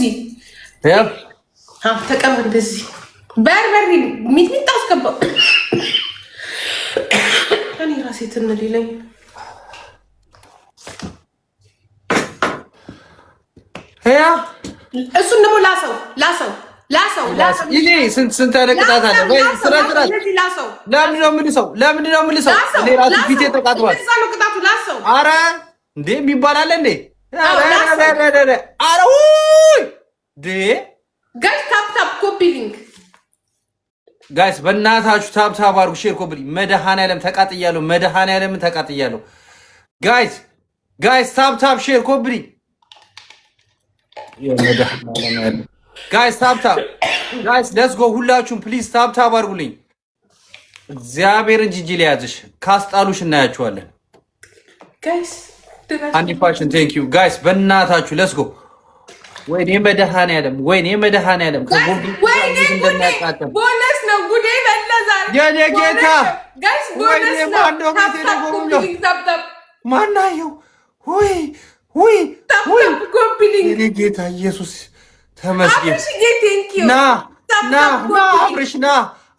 እንደዚህ ተቀብ እንደዚህ በርበሬ ሚጥሚጣ አስገባው። እኔ ራሴ ትንል ይለኝ እሱን ደግሞ ላሰው ላሰው ላሰው ላሰው ይሄ ስንት ስንት ያደቅጣት አለ ወይ? ስራ ስራ ለምንድን ነው የምልሰው? ለምንድን ነው የምልሰው? ጋይስ ታፕታፕ ኮፒ ሊንክ ጋይስ በእናታችሁ ታፕታፕ አድርጉ፣ ሼር ኮፒ ሊንክ። መድኃኔዓለም ተቃጥያለሁ፣ መድኃኔዓለምን ተቃጥያለሁ። ጋይስ ጋይስ ታፕታፕ ሼር ኮፒ ሊንክ። ጋይስ ታፕታፕ ጋይስ ለትስ ጎ ሁላችሁም ፕሊዝ ታፕታፕ አድርጉልኝ። እግዚአብሔርን ጅጅ ሊያዝሽ ካስጣሉሽ እናያችኋለን ጋይስ አንድ ፋሽን ቴንክ ዩ ጋይስ፣ በእናታችሁ ሌትስ ጎ። ወይኔ መድኃኒዓለም፣ ወይኔ መድኃኒዓለም ቦነስ ነው ጉዴ በላ የኔ ጌታ ጋይስ፣ ቦነስ ነው። ማናየው ወይ ወይ ወይ የኔ ጌታ ኢየሱስ ተመስገን። ና ና ና አብርሽ ና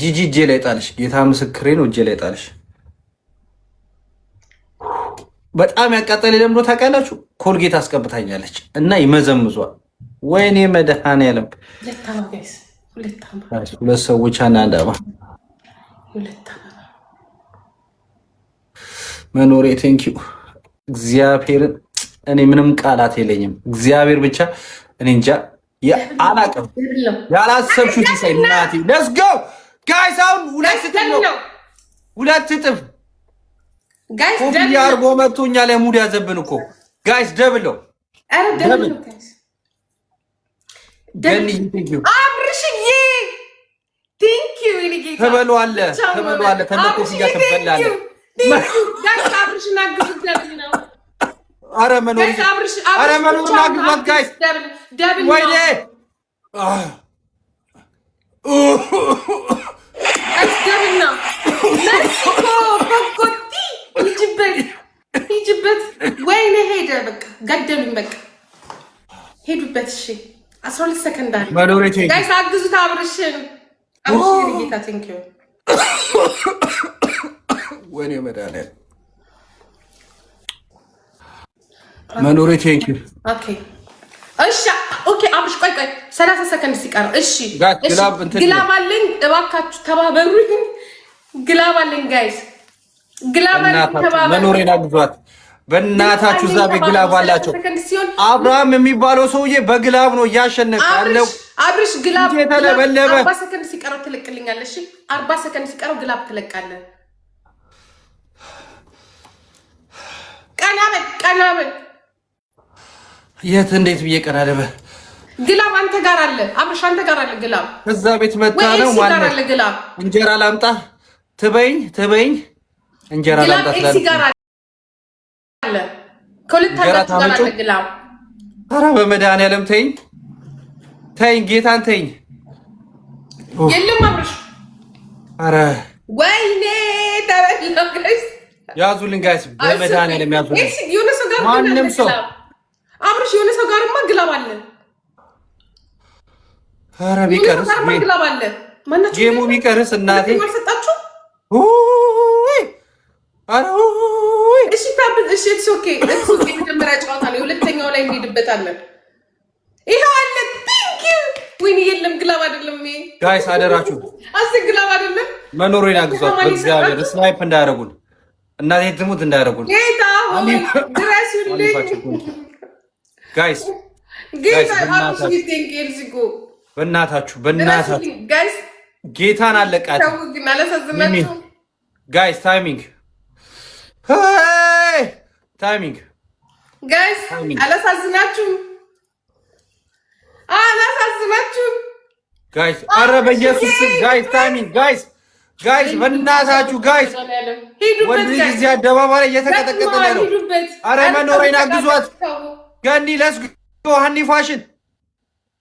ጂጂ እጄ ላይ ጣልሽ። ጌታ ምስክሬ ነው፣ እጄ ላይ ጣልሽ። በጣም ያቃጠለ ለምዶ ታውቃላችሁ። ኮልጌት አስቀብታኛለች እና ይመዘምዟል። ወይኔ መድኃኔዓለም ሁለት ሰዎች አንድ አባ መኖሬ ቴንኪው እግዚአብሔርን። እኔ ምንም ቃላት የለኝም። እግዚአብሔር ብቻ እኔ እንጃ አላቅም። ያላሰብሹት ይሳይ ናቲ ለስገው ጋይስ አሁን ሁለት እጥፍ ነው። ሁለት እጥፍ ጋይስ ደብል አርጎ መጥቶ እኛ ላይ ሙድ ያዘብን እኮ ጋይስ ደብል ነው። አረ ደብል ደብል አብርሽዬ ቲንክ ዩ ይልጌ ተበሏል፣ ተበሏል፣ ተመቆስ ይያተበላል። ጋይስ አብርሽና ግዙት ደብል ነው። አረ መኖር አረ መኖር ናግባት ጋይስ ደብል ደብል ወይኔ Gavina. Mexico, Pocotí. Egypt. Egypt. Where in the head, Rebecca? Uh, God damn it, Mac. Head with Beth Shee. As well as secondary. But already taken. Guys, I'm going to have a I'm going to Thank you. When you met Manure, thank you. Okay. አብርሽ ቆይ ቆይ፣ ሰላሳ ሰከንድ ሲቀረው እሺ፣ ግላብ አለኝ እባካችሁ ተባበሩኝ። ግላብ አለኝ ጋይስ፣ ግላብ አለኝ ተባበሩኝ። መኖሬን አግዟት በእናታችሁ እዛ በግላብ አላቸው። አብርሃም የሚባለው ሰውዬ በግላብ ነው እያሸነፈ ያለው። አብርሽ ግላብ የተለበለበ አርባ ሰከንድ ሲቀረው ትለቅልኛለህ። እሺ አርባ ሰከንድ ሲቀረው ግላብ ትለቃለህ። ቀናበል ቀናበል የት እንዴት ብዬ ቀናደበ ግላብ አንተ ጋር አለ፣ አብርሽ አንተ ጋር አለ ግላብ። እዛ ቤት መጣ ነው ማለት እንጀራ ላምጣ ትበይኝ ትበይኝ እንጀራ ላምጣ ትላለች። ጋር አለ ከሁለት አንተ ጋር አለ ግላብ። ኧረ በመድኃኒዓለም ተይኝ ተይኝ፣ ጌታን ተይኝ። የለም አብርሽ፣ ኧረ ወይኔ ተረለው ጋይስ፣ ያዙልን ጋይስ፣ በመድኃኒዓለም ያዙልን። ማንም ሰው አብርሽ፣ የሆነ ሰው ጋርማ ግላብ አለ ኧረ ቢቀርስ ጌሙ ቢቀርስ እናቴ መጀመሪያ ጨዋታ ነው። ሁለተኛው ላይ እንሄድበታለን። ይኸው አለ ወይኔ፣ የለም ግላብ አይደለም። ጋይስ አደራችሁ አስር ግላብ አይደለም። መኖሩን አግዟት በእግዚአብሔር ስናይፕ እንዳያደርጉን እናቴ ትሙት እንዳያደርጉን ጌታ ድረሱልኝ ጋይስ በእናታችሁ በእናታችሁ ጌታን አለቃት ጋይስ ታይሚንግ ታይሚንግ ጋይስ አላሳዝናችሁ አላሳዝናችሁ ጋይስ ኧረ በኢየሱስ ጋይስ ታይሚንግ ጋይስ ጋይስ በእናታችሁ ጋይስ ወንድ ልጅ እዚህ አደባባይ ላይ እየተቀጠቀጠ ነው። ኧረ መኖሬን አግዟት ገኒ ለስ ሃኒ ፋሽን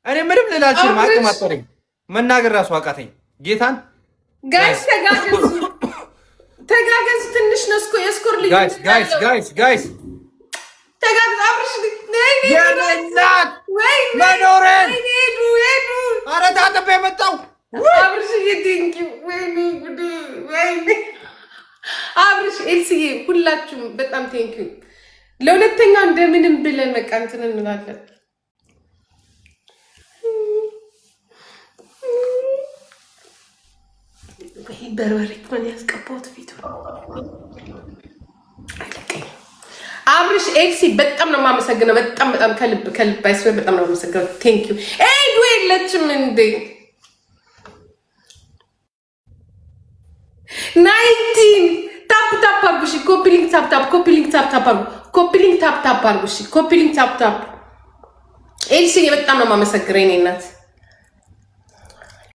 እኔ ምንም ልላችሁ አቅም አጠረኝ መናገር ራሱ አቃተኝ። ጌታን ጋይስ ተጋገዙ፣ ተጋገዙ። ትንሽ ነው እስኮ የስኮር ልጅ ጋይስ፣ ጋይስ፣ ጋይስ፣ ጋይስ ተጋገዙ። አብርሽ ነይ ነይ የመናት ወይ መኖረን ሄዱ ሄዱ። ኧረ ታጥቤ የመጣው አብርሽ ይድንኪ ወይ ጉድ ወይ አብርሽ ኤልስዬ፣ ሁላችሁም በጣም ቴንኪዩ። ለሁለተኛው እንደምንም ብለን መቃንትን እንላለን። በርበሬት ነው ያስቀባት ፊቱ አብርሽ ኤልሲ በጣም ነው የማመሰግነው። በጣም በጣም ከልብ ከልብ አይስ በጣም ነው የማመሰግነው። ቴንክ ዩ ኤዱ የለችም እንዴ? ናይንቲን ታፕ ታፕ አርጉ እሺ። ኮፒሊንግ ታፕ ታፕ ኮፒሊንግ ታፕ ታፕ አርጉ ኮፒሊንግ ታፕ ታፕ አርጉ እሺ። ኮፒሊንግ ታፕ ታፕ ኤልሲ በጣም ነው የማመሰግነው የኔ እናት